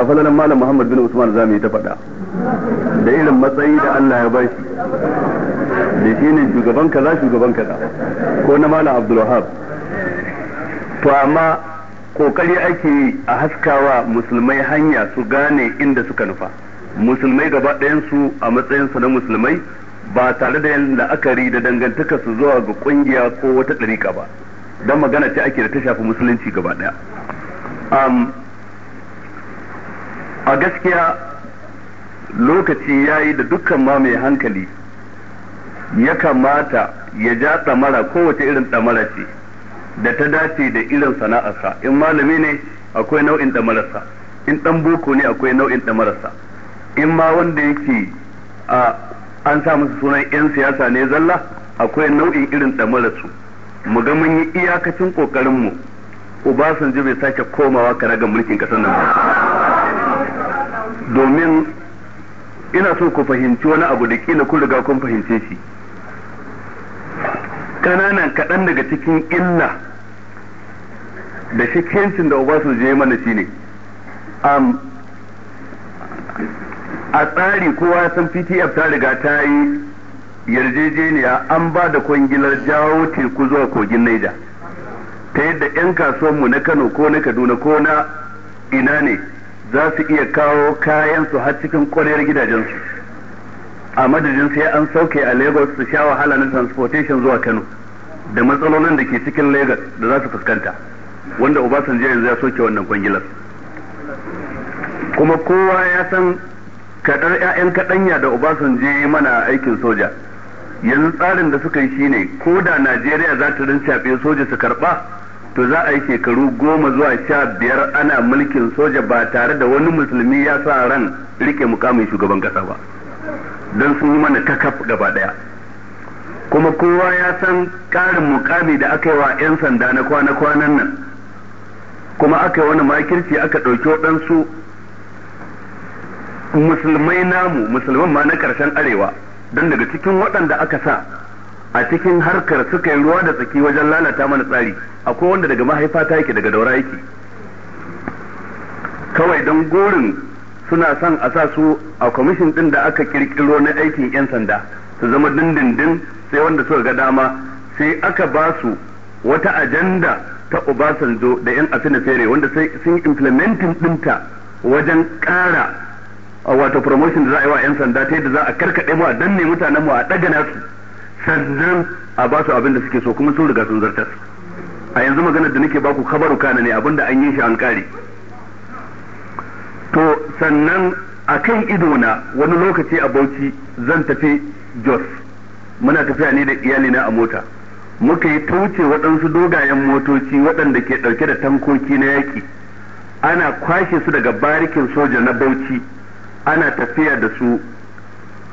a falalan malam Muhammad bin Usman zamu yi ta faɗa da irin matsayi da Allah ya ba shi da shi ne shugaban kaza shugaban kaza ko na malam Abdulwahab to amma kokari ake a haskawa musulmai hanya su gane inda suka nufa musulmai gaba ɗayansu a matsayinsu na musulmai ba tare da yin la'akari da dangantaka su zuwa ga kungiya ko wata ɗariƙa ba don magana ce ake da ta shafi musulunci gaba ɗaya a gaskiya lokaci ya yi da dukkan ma mai hankali ya kamata ya ja tsamara kowace irin tsamara ce da ta dace da irin sana'arsa in malami ne akwai nau'in tsamararsa in ɗan boko ne akwai nau'in tsamararsa in ma wanda yake a an sa musu sunan 'yan siyasa ne zalla akwai nau'in irin tsamararsu mu ga mun yi iyakacin ƙoƙarinmu ubasanji bai sake komawa ga mulkin ƙasar nan domin ina so ku fahimci wani abu da kila kun riga kun fahimce shi kananan kaɗan daga cikin illa da shikencin da su je mana ne. a tsari kowa san PTF ta riga ta yi yarjejeniya an ba da kwangilar jawo teku zuwa kogin Naija ta yadda 'yan kasuwanmu na Kano ko na Kaduna ko na ina ne za su iya kawo kayansu har cikin ƙwarewar gidajensu a madadin sai an sauke a lagos su sha wahala na transportation zuwa kano da matsalolin da ke cikin lagos da za su fuskanta wanda obasanjo yanzu ya soke wannan kwangilar kuma kowa ya san kadar 'ya'yan kaɗanya da obasanjo mana aikin soja yanzu tsarin da suka yi shine ko da najeriya za ta rincaɓe soja su karba. to za a yi shekaru goma zuwa sha biyar ana mulkin soja ba tare da wani musulmi ya sa ran rike mukamin shugaban kasa ba don sun yi mana kakaf gaba daya kuma kowa ya san karin mukami da aka yi wa 'yan sanda na kwana-kwanan nan kuma aka yi wani makirci aka ɗauki waɗansu musulmai namu musulman ma na ƙarshen arewa don daga cikin waɗanda aka sa a cikin harkar suka yi ruwa da tsaki wajen lalata mana tsari akwai wanda daga mahaifa ta yake daga daura yake kawai don gorin suna son a sa su a kwamishin din da aka kirkiro na aikin 'yan sanda su zama dindindin sai wanda suka ga dama sai aka ba su wata ajanda ta Obasanjo da 'yan fere wanda sai sun implementing dinta wajen ƙara wato promotion da za a yi wa 'yan sanda ta yadda za a karkaɗe mu a danne mutanen mu a ɗaga nasu sannan a ba su abin da suke so kuma sun riga sun zartar a yanzu maganar da nake baku kabaru kana ne abinda an yi shi an kare to sannan a kan idona wani lokaci a bauchi zan tafi jos muna tafiya ne da iyalina a mota muka yi tauce waɗansu dogayen motoci waɗanda ke ɗauke da tankoki na yaƙi ana kwashe su daga barikin soja na bauchi ana tafiya da su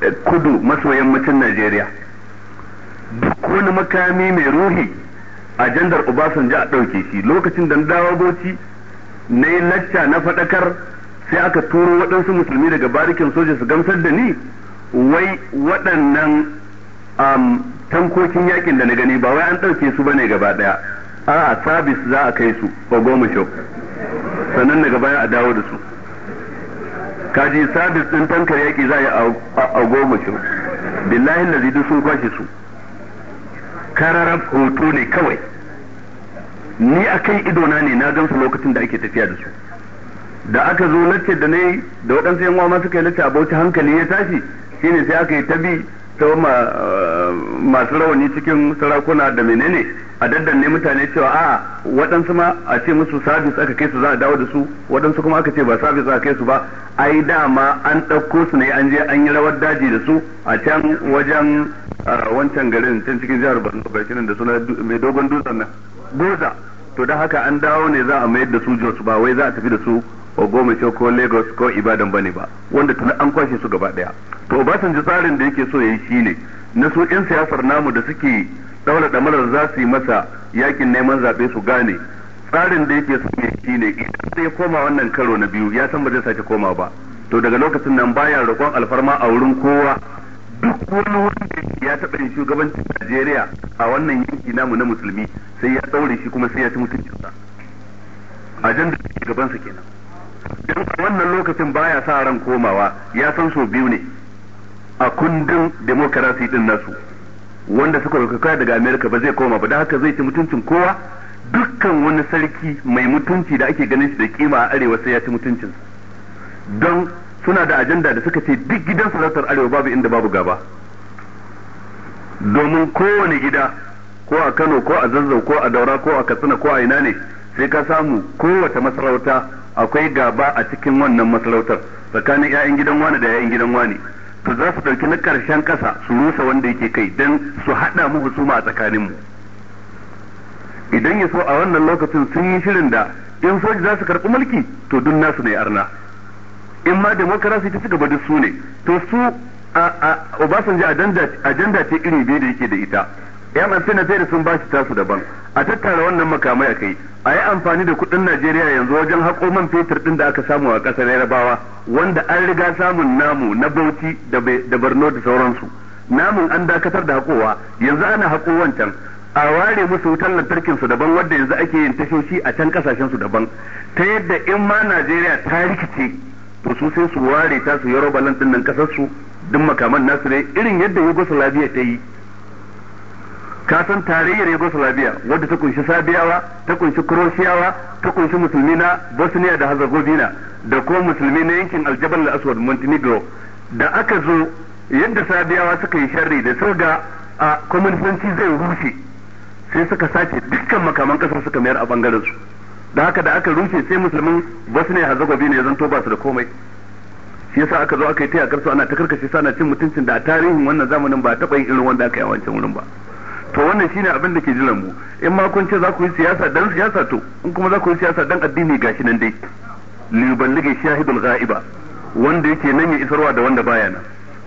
eh, kudu maso yammacin najeriya Duk wani makami mai ruhi a ajandar Obasanjo a ɗauke shi lokacin da na dawo Bauchi na yi lacca na faɗakar sai aka turo waɗansu musulmi daga barikin soja su gamsar da ni wai waɗannan tankokin yakin da na gani ba wai an ɗauke su bane gaba ɗaya a sabis za a kai su ko goma shau sannan daga baya a dawo da su kaji sabis ɗin tankar yaki za a yi a goma shau billahi lazidu sun kwashe su kararar hoto ne kawai ni a kan idona ne na gansu lokacin da ake tafiya da su da aka zo lacce da nayi da waɗansu yan ma suka yi lacce a bauchi hankali ya tashi shine sai aka yi tabi ta eh, masu rawani cikin sarakuna da menene a ne mutane cewa a waɗansu ma a ce musu sabis aka kai su za a dawo da su waɗansu kuma aka ce ba sabis aka kai su ba ai dama an ɗauko su ne an je an yi rawar daji da su a can wajen a wancan garin can cikin jihar Borno ga nan da suna mai dogon dutsen nan Goza to da haka an dawo ne za a mayar da su Jos ba wai za a tafi da su a Ogomesho ko Lagos ko Ibadan bane ba wanda tun an kwashe su gaba daya to Obasanjo tsarin da yake so yayi shine na su yan siyasar namu da suke daura damarar za su yi masa yakin neman zaɓe su gane tsarin da yake so ne shine idan zai koma wannan karo na biyu ya san ba zai sake koma ba to daga lokacin nan baya roƙon alfarma a wurin kowa duk wani wanda ya taɓa yin shugabancin Najeriya a wannan yanki namu na musulmi sai ya ɗaure shi kuma sai ya ci mutuncinsa ajandar da ke gabansa kenan don a wannan lokacin baya sa ran komawa ya san so biyu ne a kundin demokarasi ɗin nasu wanda suka rukaka daga amerika ba zai koma ba da haka zai ci mutuncin kowa dukkan wani sarki mai mutunci da ake ganin shi da kima a arewa sai ya ci mutuncinsa don suna da ajanda da suka ce duk gidan sarautar arewa babu inda babu gaba domin kowane gida ko a kano ko a zazzau ko a daura ko a katsina ko a ina ne sai ka samu kowace masarauta akwai gaba a cikin wannan masarautar tsakanin 'ya'yan gidan wani da 'ya'yan gidan wani to za su ɗauki na ƙarshen ƙasa su rusa wanda yake kai don su haɗa mu husuma a mu idan ya so a wannan lokacin sun yi shirin da in soji za su karɓi mulki to duk nasu ne arna in ma demokarasi ta ci gaba da su ne to su a Obasanjo ajanda ce iri biyu da yake da ita yan amfina sai da sun bashi tasu daban a tattara wannan makamai a kai a yi amfani da kudin Najeriya yanzu wajen haƙo man fetur din da aka samu a ƙasar Yarabawa wanda an riga samun namu na Bauchi da Barno da sauransu namun an dakatar da haƙowa yanzu ana haƙo wancan a ware musu wutar lantarkin su daban wanda yanzu ake yin tashoshi a can kasashen su daban ta yadda in ma Najeriya ta rikice to su sai su ware ta su yaro balan din nan kasar su duk makaman nasu ne irin yadda Yugoslavia ta yi ka san tarayyar Yugoslavia wadda ta kunshi Sabiyawa ta kunshi kroshiyawa ta kunshi musulmi na Bosnia da Herzegovina da kuma musulmi na yankin Aljabal al-Aswad Montenegro da aka zo yadda Sabiyawa suka yi sharri da suka ga a communism zai rushe sai suka sace dukkan makaman kasar suka mayar a bangaren su da haka da aka rufe sai musulmin ne gobe ne ya zanto ba su da komai shi yasa aka zo aka yi taya karsu ana ta karkashe sana cin mutuncin da a tarihin wannan zamanin ba taɓa yin irin wanda aka yi a wancan wurin ba to wannan shine abin da ke jiran mu in ma kun ce za ku yi siyasa dan siyasa to in kuma za ku yi siyasa dan addini gashi nan dai liballige shahidul ghaiba wanda yake nan ya isarwa da wanda baya nan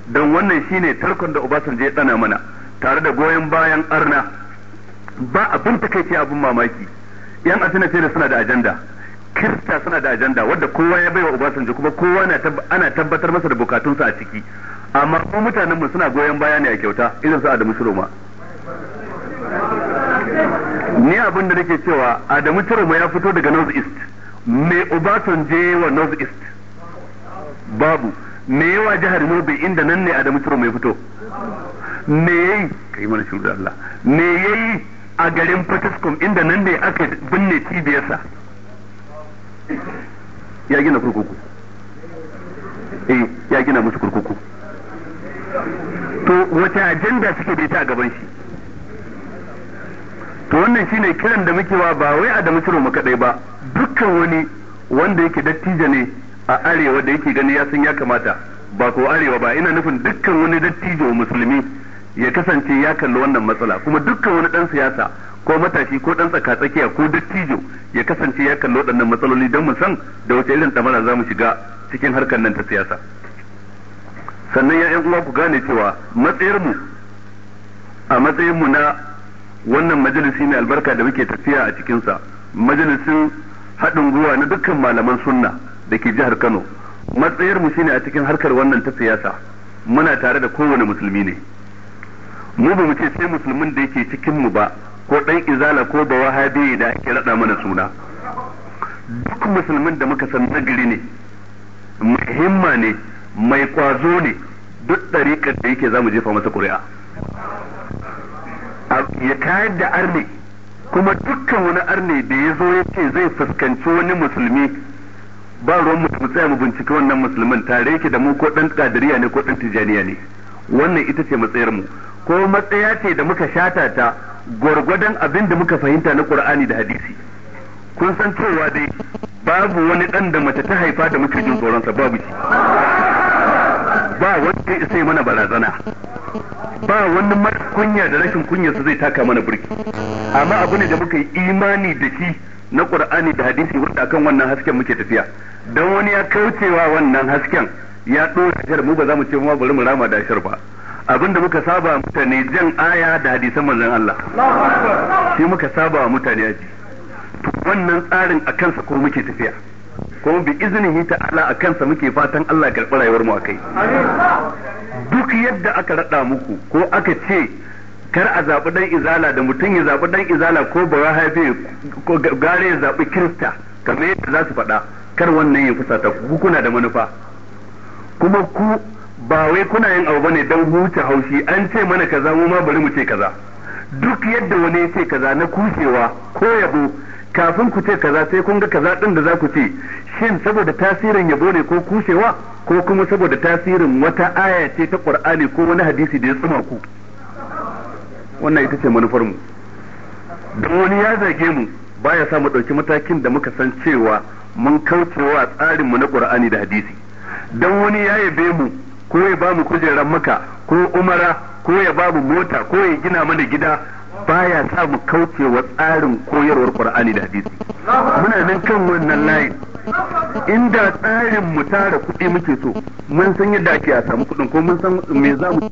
dan wannan shine tarkon da Obasanjo ya dana mana tare da goyon bayan arna ba abin takeice abin mamaki yan atina da suna da ajanda kirista suna da ajanda wadda kowa ya baiwa Obasanjo kuma kowa ana tabbatar masa da bukatunsa a ciki amma kuma mutanen mu suna goyon baya ne a kyauta idan su Adamu Shiroma ni abin da nake cewa Adamu Shiroma ya fito daga North East me Obasanjo wa North East babu me yawa jihar Nobe inda nan ne Adamu Shiroma ya fito me yayi kai mana shiru da Allah me yayi a garin Fatiskum inda nan ne aka binne cibiyarsa ya gina kurkuku eh ya gina musu kurkuku to wace ajanda suke da ita a gaban shi to wannan shine kiran da muke wa ba wai a da musulun mu ba dukkan wani wanda yake dattijo ne a arewa da yake gani ya san ya kamata ba ko arewa ba ina nufin dukkan wani dattijo musulmi ya kasance ya kalli wannan matsala kuma dukkan wani dan siyasa ko matashi ko dan tsaka tsakiya ko dattijo ya kasance ya kalli waɗannan matsaloli don mu san da wace irin damara za mu shiga cikin harkar nan ta siyasa sannan ya uwa ku gane cewa matsayar a matsayin mu na wannan majalisi mai albarka da muke tafiya a cikinsa majalisin haɗin gwiwa na dukkan malaman sunna da ke jihar kano matsayar mu shine a cikin harkar wannan ta siyasa muna tare da kowane musulmi ne mu ba mu ce sai musulmin da yake cikin mu ba ko dan izala ko ba wahabi da ake rada mana suna duk musulmin da muka san nagari ne mai himma ne mai kwazo ne duk ɗariƙar da yake zamu jefa masa ƙuri'a ya kayar da arne kuma dukkan wani arne da ya zo ya ce zai fuskanci wani musulmi ba ruwan mu mu tsaya mu bincike wannan musulmin tare yake da mu ko dan kadiriya ne ko dan tijaniya ne wannan ita ce matsayar mu ko matsaya ce da muka shata ta gwargwadon abin da muka fahimta na Ƙur'ani da hadisi kun san cewa dai babu wani ɗan da mace ta haifa da muke jin tsoronsa babu shi ba wanda ya mana barazana ba wani mara kunya da rashin kunya su zai taka mana burki amma abu ne da muka yi imani da shi na ƙur'ani da hadisi wanda akan wannan hasken muke tafiya dan wani ya kaucewa wannan hasken ya ɗora shar mu ba za mu ce ma bari mu rama da shar ba Abin da muka saba mutane jan aya da hadisan manzon Allah shi muka saba wa mutane aji to wannan tsarin a kansa ko muke tafiya ko bi hita ta'ala a kansa muke fatan Allah karɓi rayuwar mu akai duk yadda aka rada muku ko aka ce kar a zaɓi dan izala da mutum ya zaɓi dan izala ko ba ya haife ko gare ya zaɓi kirista kamar yadda za su faɗa kar wannan ya fusata ku kuna da manufa kuma ku ba wai kuna yin abu bane dan huce haushi an ce mana kaza mu ma bari mu ce kaza duk yadda wani ya ce kaza na kushewa ko yabo kafin ku ce kaza sai kun ga kaza din da za ku ce shin saboda tasirin yabo ne ko kushewa ko kuma saboda tasirin wata aya ce ta Qur'ani ko wani hadisi da ya tsuma ku wannan ita ce manufar mu don wani ya zage mu baya sa mu dauki matakin da muka san cewa mun kaucewa tsarin mu na Qur'ani da hadisi dan wani ya yabe mu ko ya ba mu kujerar maka ko umara ko ya ba mu mota ko ya gina mana gida baya sa mu kauce wa tsarin koyarwar Qur'ani da hadisi muna nan kan wannan layin inda tsarin mu tara kuɗi muke so mun san yadda ake a samu kuɗin ko mun san me za mu